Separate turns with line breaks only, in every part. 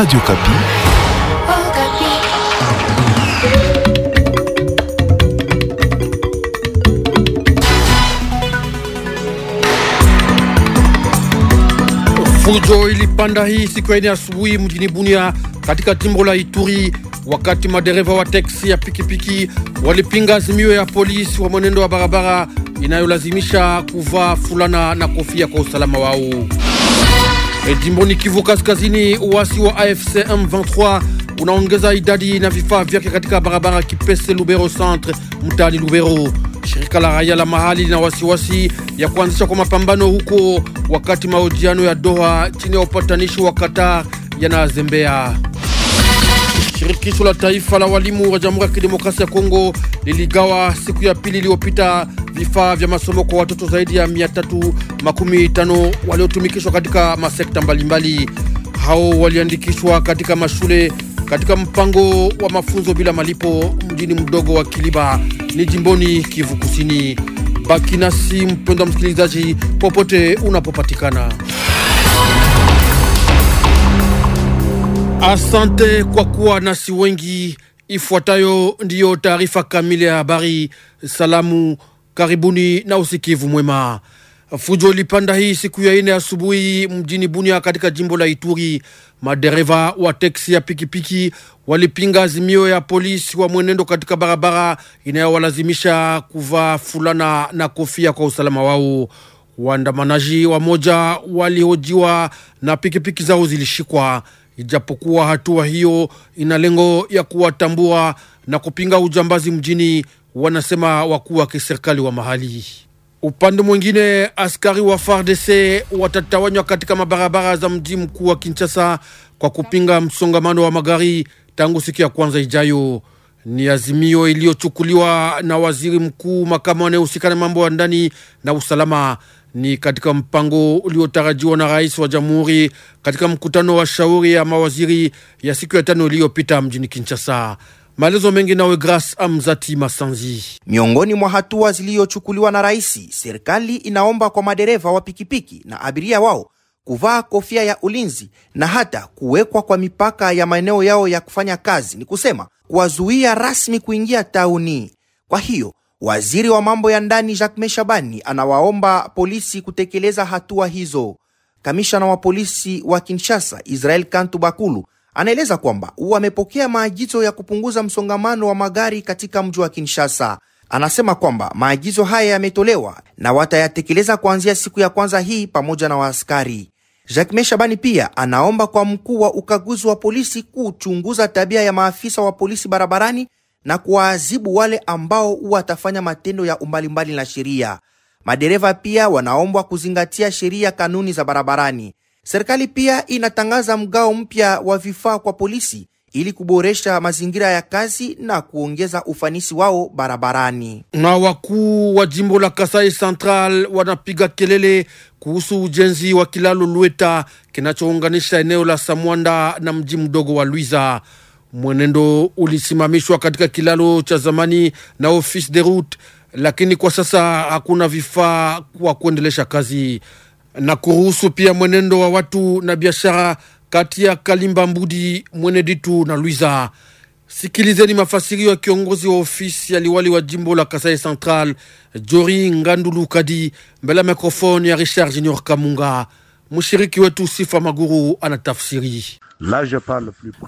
Radio Kapi. Oh, Kapi.
Fujo ilipanda hii siku ya ine asubuhi mjini Bunia katika jimbo la Ituri wakati madereva wa teksi ya pikipiki walipinga azimio ya polisi wa mwenendo wa barabara inayolazimisha kuvaa fulana na kofia kwa usalama wao. E, jimboni Kivu Kaskazini, uasi wa AFC M23 unaongeza idadi na vifaa vyake katika barabara Kipese Lubero Centre mtaani Lubero. Shirika la raia la mahali lina wasiwasi ya kuanzisha kwa mapambano huko wakati mahojiano ya Doha chini ya upatanishi wa Qatar yanazembea. Shirikisho la taifa la walimu wa Jamhuri ya Kidemokrasia ya Kongo liligawa siku ya pili iliyopita vifaa vya masomo kwa watoto zaidi ya 350 waliotumikishwa katika masekta mbalimbali. Hao waliandikishwa katika mashule katika mpango wa mafunzo bila malipo mjini mdogo wa Kiliba ni jimboni Kivu Kusini. Baki nasi mpendwa msikilizaji, popote unapopatikana. Asante kwa kuwa nasi wengi. Ifuatayo ndiyo taarifa kamili ya habari. Salamu Karibuni na usikivu mwema. Fujo ilipanda hii siku ya ine asubuhi mjini Bunia katika jimbo la Ituri. Madereva wa teksi ya pikipiki walipinga azimio ya polisi wa mwenendo katika barabara inayowalazimisha kuvaa fulana na kofia kwa usalama wao. Waandamanaji wamoja walihojiwa na pikipiki zao zilishikwa, ijapokuwa hatua hiyo ina lengo ya kuwatambua na kupinga ujambazi mjini wanasema wakuu wa kiserikali wa mahali. Upande mwingine, askari wa FARDC watatawanywa katika mabarabara za mji mkuu wa Kinshasa kwa kupinga msongamano wa magari tangu siku ya kwanza ijayo. Ni azimio iliyochukuliwa na waziri mkuu makamu anayehusika na mambo ya ndani na usalama. Ni katika mpango uliotarajiwa na rais wa jamhuri katika mkutano wa shauri ya mawaziri ya siku ya tano iliyopita mjini Kinshasa. Maelezo mengi
nawe Grace Amzati Masanzi. Miongoni mwa hatua zilizochukuliwa na rais, serikali inaomba kwa madereva wa pikipiki na abiria wao kuvaa kofia ya ulinzi na hata kuwekwa kwa mipaka ya maeneo yao ya kufanya kazi, ni kusema kuwazuia rasmi kuingia tauni. Kwa hiyo waziri wa mambo ya ndani Jacques Meshabani anawaomba polisi kutekeleza hatua hizo. Kamishna wa polisi wa Kinshasa Israel Kantu Bakulu Anaeleza kwamba wamepokea maagizo ya kupunguza msongamano wa magari katika mji wa Kinshasa. Anasema kwamba maagizo haya yametolewa na watayatekeleza kuanzia siku ya kwanza hii pamoja na waaskari. Jacques Shabani pia anaomba kwa mkuu wa ukaguzi wa polisi kuchunguza tabia ya maafisa wa polisi barabarani na kuwaadhibu wale ambao watafanya matendo ya umbali mbali na sheria. Madereva pia wanaombwa kuzingatia sheria, kanuni za barabarani. Serikali pia inatangaza mgao mpya wa vifaa kwa polisi ili kuboresha mazingira ya kazi na kuongeza ufanisi wao barabarani.
Na wakuu wa jimbo la Kasai Central wanapiga kelele kuhusu ujenzi wa kilalo Lueta kinachounganisha eneo la Samwanda na mji mdogo wa Luiza. Mwenendo ulisimamishwa katika kilalo cha zamani na Office de Route, lakini kwa sasa hakuna vifaa kwa kuendelesha kazi na kuruhusu pia mwenendo wa watu na biashara kati ya Kalimba Mbudi Mweneditu na Luiza. Sikilizeni mafasirio ya kiongozi wa ofisi ya liwali wa jimbo la Kasai Central Jori Ngandulu Kadi mbele ya mikrofoni ya Richard Junior Kamunga. Mshiriki wetu Sifa Maguru anatafsiri.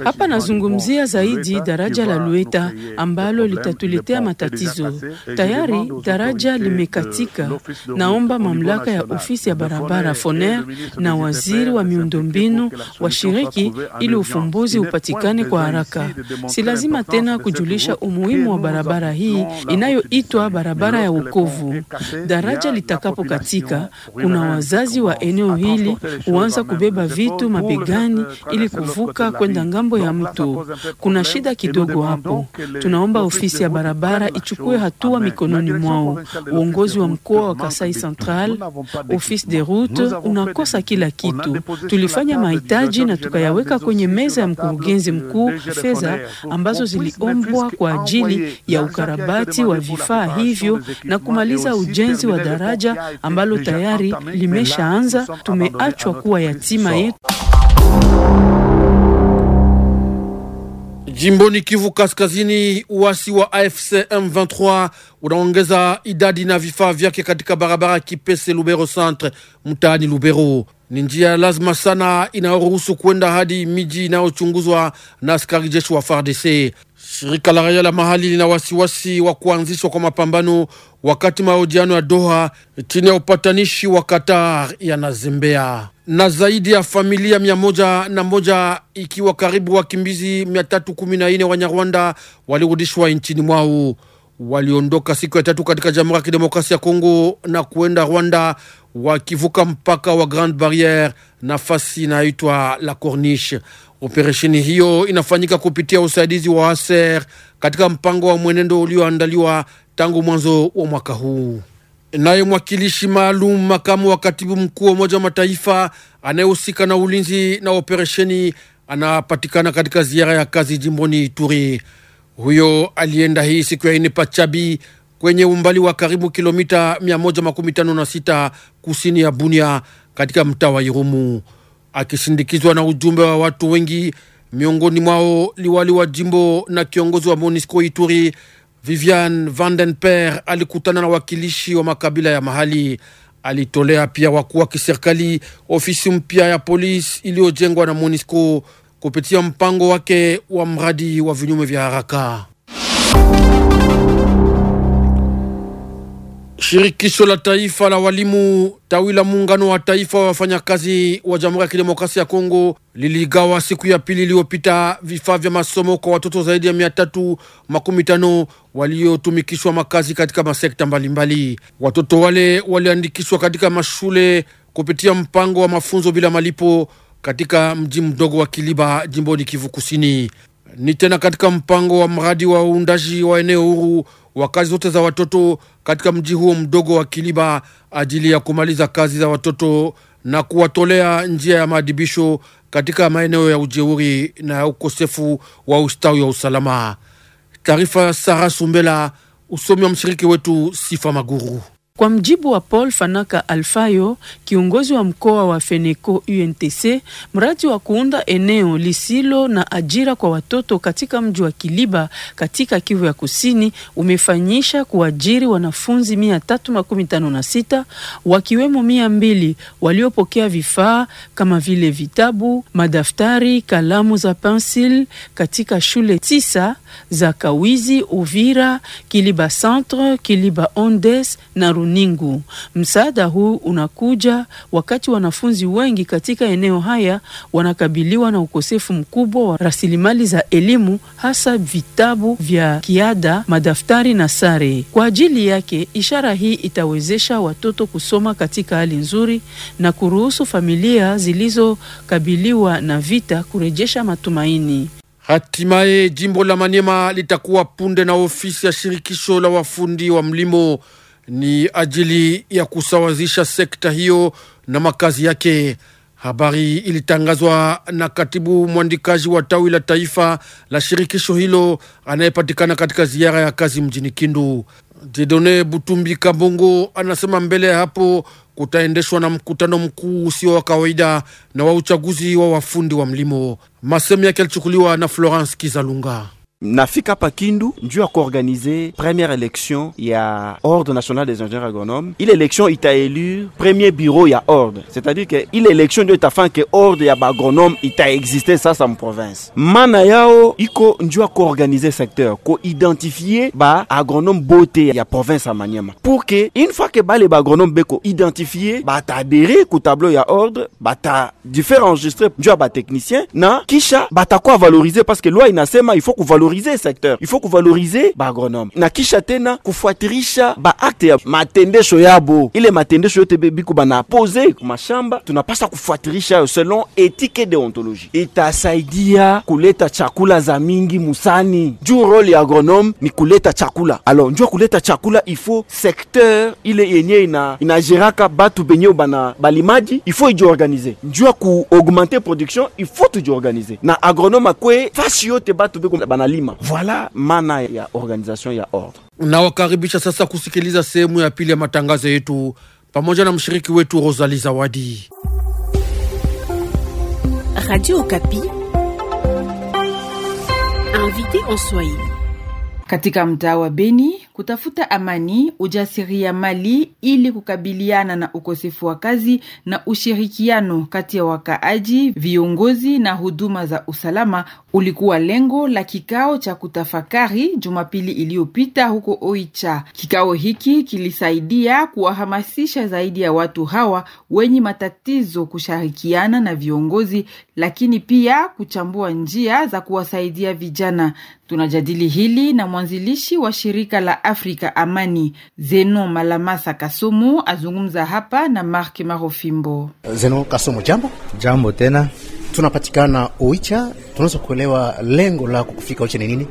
Hapa nazungumzia zaidi daraja la Lueta ambalo litatuletea matatizo. Tayari daraja limekatika. Naomba mamlaka ya ofisi ya barabara Foner na waziri wa miundombinu washiriki ili ufumbuzi upatikane kwa haraka. Si lazima tena kujulisha umuhimu wa barabara hii inayoitwa barabara ya wokovu. Daraja litakapokatika, kuna wazazi wa eneo hili huanza kubeba vitu mabegani ili kuvuka kwenda ngambo ya mto. Kuna shida kidogo hapo, tunaomba ofisi ya barabara ichukue hatua mikononi mwao. Uongozi wa mkoa wa Kasai Central, office de route, unakosa kila kitu. Tulifanya mahitaji na tukayaweka kwenye meza ya mkurugenzi mkuu, fedha ambazo ziliombwa kwa ajili ya ukarabati wa vifaa hivyo na kumaliza ujenzi wa daraja ambalo tayari limeshaanza. Tumeachwa kuwa yatima yetu.
Jimboni Kivu Kaskazini, uasi wa AFC M23 unaongeza idadi na vifaa vyake katika barabara Kipese Lubero Centre, mtaani Lubero. Ni njia lazima sana inayoruhusu kwenda hadi miji inayochunguzwa na askari jeshi wa FARDC. Shirika la raia la mahali lina wasiwasi wa kuanzishwa kwa mapambano wakati mahojiano ya Doha chini ya upatanishi wa Qatar yanazembea na zaidi ya familia mia moja na moja ikiwa karibu wakimbizi mia tatu kumi na nne Wanyarwanda walirudishwa nchini mwao. Waliondoka siku ya tatu katika Jamhuri ya Kidemokrasia ya Kongo na kuenda Rwanda, wakivuka mpaka wa Grande Barriere, nafasi inayoitwa La Corniche. Operesheni hiyo inafanyika kupitia usaidizi wa ASER katika mpango wa mwenendo ulioandaliwa tangu mwanzo wa mwaka huu. Naye mwakilishi maalum makamu wa katibu mkuu wa Umoja wa Mataifa anayehusika na ulinzi na operesheni anapatikana katika ziara ya kazi jimboni Ituri. Huyo alienda hii siku ya ine Pachabi, kwenye umbali wa karibu kilomita 156 kusini ya Bunia, katika mtaa wa Irumu akisindikizwa na ujumbe wa watu wengi, miongoni mwao liwali wa jimbo na kiongozi wa Monisco Ituri. Vivian Vandenper alikutana na wakilishi wa makabila ya mahali. Alitolea pia wakuu wa kiserikali ofisi mpya ya polisi iliyojengwa na Monisco kupitia mpango wake wa mradi wa vinyume vya haraka. Shirikisho la taifa la walimu tawi la muungano wa taifa wa wafanyakazi wa Jamhuri ya Kidemokrasia ya Kongo liligawa siku ya pili iliyopita vifaa vya masomo kwa watoto zaidi ya mia tatu makumi tano waliotumikishwa makazi katika masekta mbalimbali mbali. Watoto wale waliandikishwa katika mashule kupitia mpango wa mafunzo bila malipo katika mji mdogo wa Kiliba jimboni Kivu Kusini. Ni tena katika mpango wa mradi wa uundaji wa eneo huru wa kazi zote za watoto katika mji huo mdogo wa Kiliba ajili ya kumaliza kazi za watoto na kuwatolea njia ya maadibisho katika maeneo ya ujeuri na ya ukosefu wa ustawi wa usalama. Taarifa
ya Sara Sumbela, usomi wa mshiriki wetu Sifa Maguru. Kwa mjibu wa Paul Fanaka Alfayo, kiongozi wa mkoa wa Feneco UNTC, mradi wa kuunda eneo lisilo na ajira kwa watoto katika mji wa Kiliba katika Kivu ya Kusini umefanyisha kuajiri wanafunzi 356 wakiwemo mbili waliopokea vifaa kama vile vitabu, madaftari, kalamu za pensil katika shule tisa za Kawizi, Uvira, Kiliba Centre, Kiliba Ondes na Runingu. Msaada huu unakuja wakati wanafunzi wengi katika eneo haya wanakabiliwa na ukosefu mkubwa wa rasilimali za elimu, hasa vitabu vya kiada, madaftari na sare. Kwa ajili yake, ishara hii itawezesha watoto kusoma katika hali nzuri na kuruhusu familia zilizokabiliwa na vita kurejesha matumaini.
Hatimaye jimbo la manema litakuwa punde na ofisi ya shirikisho la wafundi wa mlimo ni ajili ya kusawazisha sekta hiyo na makazi yake. Habari ilitangazwa na katibu mwandikaji wa tawi la taifa la shirikisho hilo anayepatikana katika ziara ya kazi mjini Kindu. Jedone Butumbi Kabongo anasema mbele ya hapo kutaendeshwa na mkutano mkuu usio wa kawaida na wa uchaguzi wa wafundi wa mlimo. Masemu yake alichukuliwa na Florence Kizalunga. nafika Pakindu
Kindu ndio organiser première élection ya ordre national des ingénieurs agronomes. Il élection itaelu premier bureau ya ordre, c'est-à-dire que il élection ndio que ke ordre ya bagronome existé ça sa province. Mana yao iko ndio organiser secteur ko identifier ba agronome bote ya province ya pour que une fois que ba les bagronome beko identifier ba été adhéré ku tableau ya ordre ba ta diffère enregistré ndio ba technicien na kisha ba ta valoriser parce que loi inasema il faut ku valoriser secteur, il faut kuvalorize baagronome na kisha tena kufuatirisha acte ya matendesho yabo, ile matendesho yote biku banapose kumashamba, tunapasa kufuatirisha yo selon etike deontologie, itasaidia kuleta chakula za mingi musani, du role ya agronome ni kuleta chakula. Alors njua kuleta chakula ifo sekteur ile yenye ina inageraka batu benye bana balimaji ifo organiser. njua ku augmenter production il faut tu organiser na agronome akwe fasi yote batu beko banalima mlima. Voilà maana ya organisation ya ordre.
Nawakaribisha sasa kusikiliza sehemu ya pili ya matangazo yetu pamoja na mshiriki wetu Rosali Zawadi.
Radio Okapi invité en Swahili.
Katika mtaa wa Beni kutafuta amani, mali ili kukabiliana na ukosefu wa kazi na ushirikiano kati ya wakaaji, viongozi na huduma za usalama ulikuwa lengo la kikao cha kutafakari Jumapili iliyopita huko Oicha. Kikao hiki kilisaidia kuwahamasisha zaidi ya watu hawa wenye matatizo kushirikiana na viongozi, lakini pia kuchambua njia za kuwasaidia vijana. Tunajadili hili na mwanzilishi wa shirika la Afrika Amani, Zeno Malamasa Kasumu. Azungumza hapa na Mark Marofimbo.
Zeno Kasumu, jambo. Jambo tena tunapatikana Uicha, tunaweza kuelewa lengo lako kufika Uicha ni nini?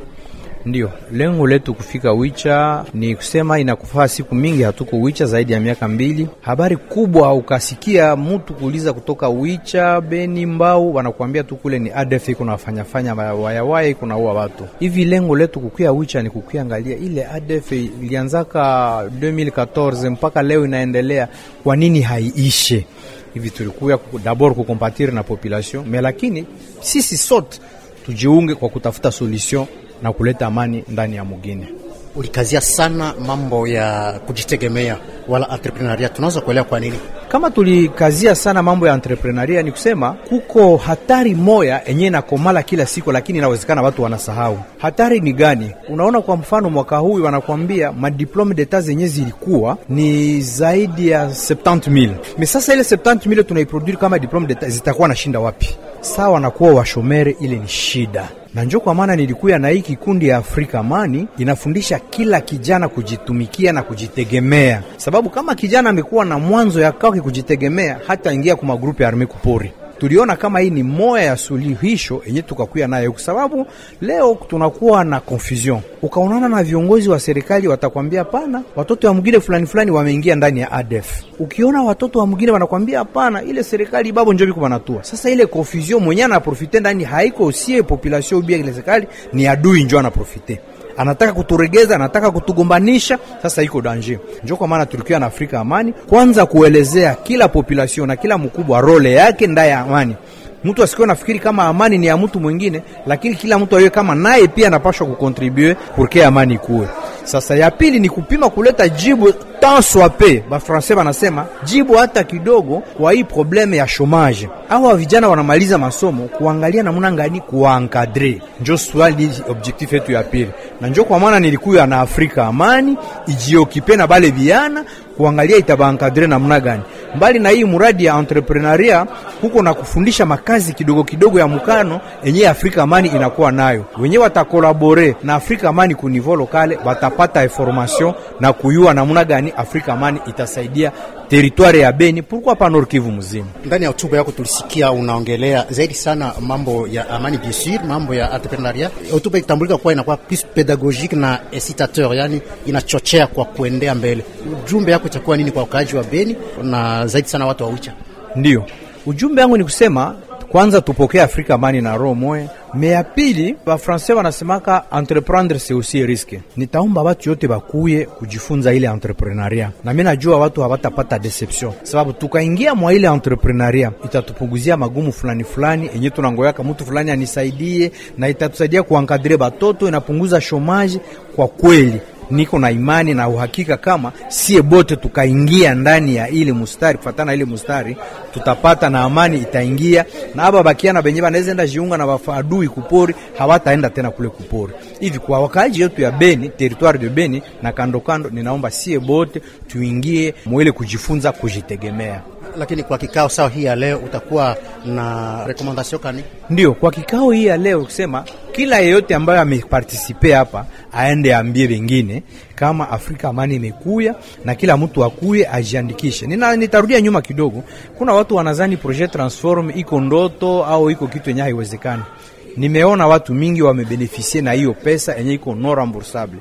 Ndio, lengo letu kufika Wicha ni kusema inakufaa siku mingi hatuko Wicha zaidi ya miaka mbili. Habari kubwa ukasikia mtu kuuliza kutoka Wicha, Beni, Mbau, wanakuambia tu kule ni ADF iko nafanyafanya wayawaya iko ua watu hivi. Lengo letu kukwia Wicha ni kukuiangalia ile ADF ilianzaka 2014 mpaka leo inaendelea, kwa nini haiishe? hivi tulikuya dabord kukompatir na population me, lakini sisi sote tujiunge kwa kutafuta solution na kuleta amani ndani ya mugine ulikazia sana mambo ya kujitegemea wala entrepreneuria, tunaweza kuelewa kwa nini kama tulikazia sana mambo ya entrepreneuria. Ni kusema kuko hatari moya enye inakomala kila siku, lakini inawezekana watu wanasahau hatari ni gani. Unaona, kwa mfano mwaka huu wanakuambia madiplome deta zenye zilikuwa ni zaidi ya 70000 me sasa, ile 70000 tunaiproduire kama diplome deta zitakuwa na shinda wapi? Sawa, wanakuwa washomere, ile ni shida na njo kwa maana nilikuya na hii kikundi ya Afrika Mani inafundisha kila kijana kujitumikia na kujitegemea, sababu kama kijana amekuwa na mwanzo ya kwake kujitegemea, hata ingia kwa magrupu ya arme kupori tuliona kama hii ni moya ya suluhisho yenye tukakuya nayo, kwa sababu leo tunakuwa na confusion. Ukaonana na viongozi wa serikali watakwambia hapana, watoto wa mgine fulani fulani wameingia ndani ya ADF. Ukiona watoto wa mgine wanakwambia hapana, ile serikali babo njo biko Sasa ile confusion mwenye anaprofite ndani haiko sie population, ubia ile serikali ni adui njo anaprofite anataka kuturegeza, anataka kutugombanisha. Sasa iko danger, njo kwa maana tulikuwa na Afrika amani, kwanza kuelezea kila population na kila mkubwa role yake ndani ya amani mtu asikuwe nafikiri kama amani ni ya mtu mwingine, lakini kila mtu aiwe kama naye pia anapashwa kukontribue purke amani kuwe. Sasa ya pili ni kupima kuleta jibu tanswape, bafransai banasema jibu hata kidogo kwa hii probleme ya shomage. Awa vijana wanamaliza masomo, kuangalia namna gani kuwaankadre, njo swali objektif yetu ya pili, na njo kwa maana nilikuya na Afrika Amani ijiokipe na bale vijana kuangalia itabaankadre namna gani Mbali na hii mradi ya entrepreneuria huko na kufundisha makazi kidogo kidogo ya mukano yenye Afrika Mani inakuwa nayo wenyewe, watakolabore na Afrika Mani ku niveau lokale, watapata information na kuyua namna gani Afrika Mani itasaidia
teritwari ya
Beni, pourquoi pa Nord Kivu mzima. Ndani ya hotuba yako tulisikia unaongelea zaidi sana mambo ya amani, bien sur mambo ya entrepreneuria. Hotuba ikitambulika kuwa inakuwa plus pedagogique na incitateur, yani inachochea kwa kuendea mbele. Ujumbe yako itakuwa nini kwa wakaaji wa Beni na zaidi sana watu wa Wicha? Ndio ujumbe wangu ni kusema kwanza tupokee Afrika mani na roho moya. Me ya pili, bafransai wanasemaka entreprendre c'est aussi risque. Nitaomba watu yote bakuye kujifunza ile entrepreneuria, na mimi najua watu hawatapata deception, sababu tukaingia mwa ile entrepreneuria itatupunguzia magumu fulani fulani enye tunangoyaka mtu fulani anisaidie, na itatusaidia kuankadre batoto, inapunguza shomaji kwa kweli niko na imani na uhakika kama sie bote tukaingia ndani ya ile mustari, na ile mustari tutapata na amani itaingia, na aba bakiana benye banaweza jiunga na wafadui kupori, hawataenda tena kule kupori. Hivi kwa wakaaji yetu ya Beni, territoire de Beni na kando kando, ninaomba sie bote tuingie mwele kujifunza kujitegemea. Lakini kwa kikao sawa hii ya leo utakuwa na rekomandasio kani? Ndio, kwa kikao hii ya leo kusema kila yeyote ambayo amepartisipe hapa aende ambie wengine kama Afrika amani imekuya na kila mtu akuye ajiandikishe. Nina, nitarudia nyuma kidogo. Kuna watu wanazani projet transform iko ndoto au iko kitu yenye haiwezekani. Nimeona watu mingi wamebenefisie na hiyo pesa yenye iko non remboursable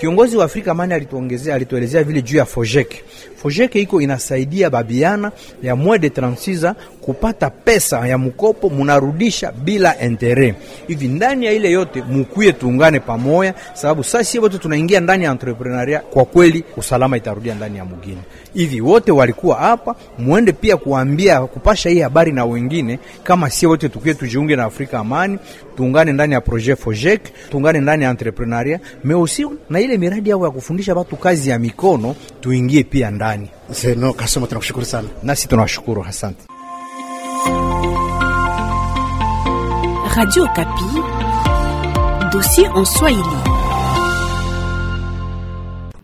Kiongozi wa Afrika Mani alituongezea, alituelezea vile juu ya Fojek. Fojek iko inasaidia babiana ya mwe de 36 kupata pesa ya mkopo, munarudisha bila entere. Hivi ndani ya ile yote mukuye, tuungane pamoja, sababu sasi wote tunaingia ndani ya entrepreneuria. Kwa kweli usalama itarudia ndani ya mugini. Hivi wote walikuwa hapa, muende pia kuambia kupasha hii habari na wengine, kama sie wote tukuye tujiunge na Afrika Amani, tuungane ndani ya projet Fojek, tuungane ndani ya entrepreneuria mais aussi na ile ile miradi yao ya kufundisha watu kazi ya mikono tuingie pia ndani. zeno Kasema, tunakushukuru sana. Nasi tunawashukuru, asante.
Radio Kapi, dossier en Swahili.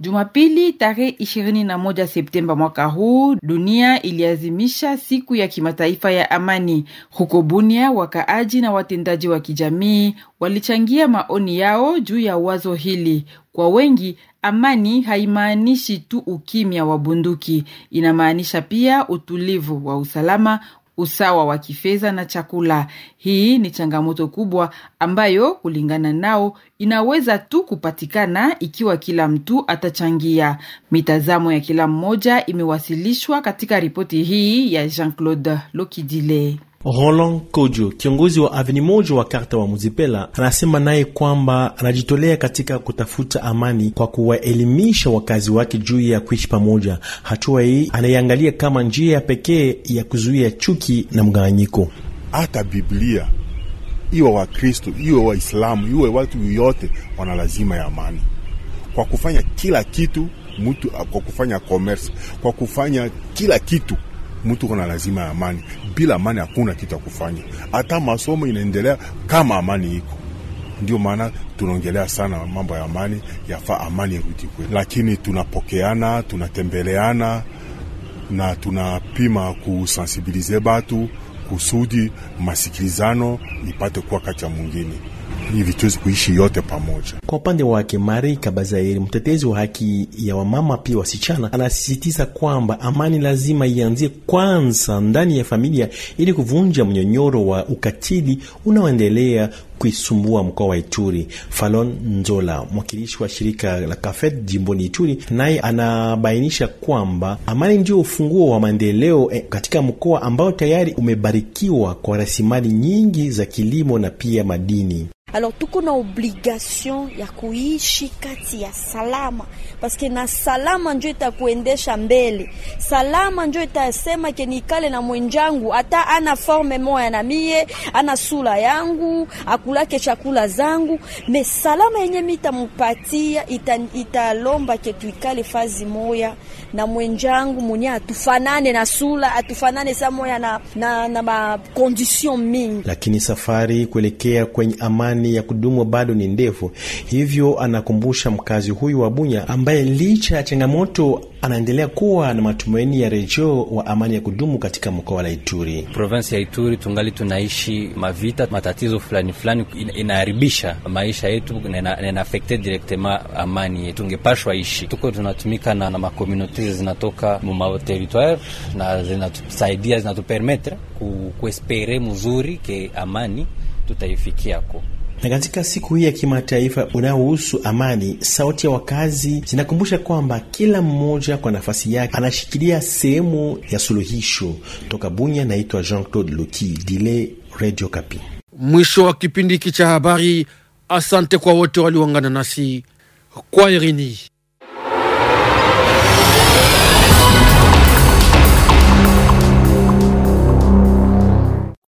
Jumapili tarehe moja Septemba mwaka huu dunia iliazimisha siku ya kimataifa ya amani. Huko Bunia, wakaaji na watendaji wa kijamii walichangia maoni yao juu ya wazo hili. Kwa wengi, amani haimaanishi tu ukimya wa bunduki, inamaanisha pia utulivu wa usalama usawa wa kifedha na chakula. Hii ni changamoto kubwa ambayo kulingana nao inaweza tu kupatikana ikiwa kila mtu atachangia. Mitazamo ya kila mmoja imewasilishwa katika ripoti hii ya Jean-Claude Lokidile.
Roland Kojo, kiongozi wa aveni moja wa karta wa Muzipela, anasema naye kwamba anajitolea katika kutafuta amani kwa kuwaelimisha wakazi wake juu ya kuishi pamoja. Hatua hii anaiangalia kama njia ya pekee ya kuzuia chuki na mgawanyiko. Hata Biblia iwe Wakristo iwe Waislamu iwe watu yote, wana lazima ya amani kwa kufanya kila kitu mtu, kwa kufanya commerce, kwa kufanya kila kitu mtu kuna lazima ya amani. Bila amani hakuna kitu ya kufanya, hata masomo inaendelea kama amani iko. Ndio maana tunaongelea sana mambo ya amani, yafaa amani irudi kwetu, lakini tunapokeana, tunatembeleana na tunapima kusensibilize batu kusudi masikilizano ipate kuwa kati ya mwingine hivi tuwezi kuishi yote pamoja. Kwa upande wake, Mari Kabazairi, mtetezi wa haki ya wamama pia wasichana, anasisitiza kwamba amani lazima ianzie kwanza ndani ya familia ili kuvunja mnyonyoro wa ukatili unaoendelea kuisumbua mkoa wa Ituri. Falon Nzola, mwakilishi wa shirika la Kafet jimboni Ituri, naye anabainisha kwamba amani ndio ufunguo wa maendeleo eh, katika mkoa ambao tayari umebarikiwa kwa rasilimali nyingi za kilimo na pia madini.
Alors tuko na obligation ya kuishi kati ya salama, paske na salama njo itakuendesha mbele. Salama njo itasema ke nikale na mwenjangu, hata ana forme moya na mie, ana sura yangu, akulake chakula zangu, me salama yenye mitamupatia italomba ita ke tuikale fazi moya na mwenjangu mwenye atufanane na sura, atufanane sa moya na, na, na makondision mingi,
lakini safari kuelekea kwenye amani amani ya kudumu bado ni ndefu. Hivyo anakumbusha mkazi huyu wa Bunya ambaye licha ya changamoto anaendelea kuwa na matumaini ya rejeo wa amani ya kudumu katika mkoa la Ituri, Provensi ya Ituri. Tungali tunaishi mavita, matatizo fulani fulani inaharibisha maisha yetu na inaafekte direktema
amani yetu. Tungepashwa ishi, tuko tunatumika na, na makomunote zinatoka mumateritoire na zinatusaidia zinatupermetre kuespere mzuri ke amani tutaifikia ko
na katika siku hii ya kimataifa unaohusu amani, sauti ya wakazi zinakumbusha kwamba kila mmoja kwa nafasi yake anashikilia sehemu ya suluhisho. Toka Bunya, naitwa Jean Claude Luki Dile, Radio Kapi.
Mwisho wa kipindi hiki cha habari. Asante kwa wote walioungana nasi kwa Irini.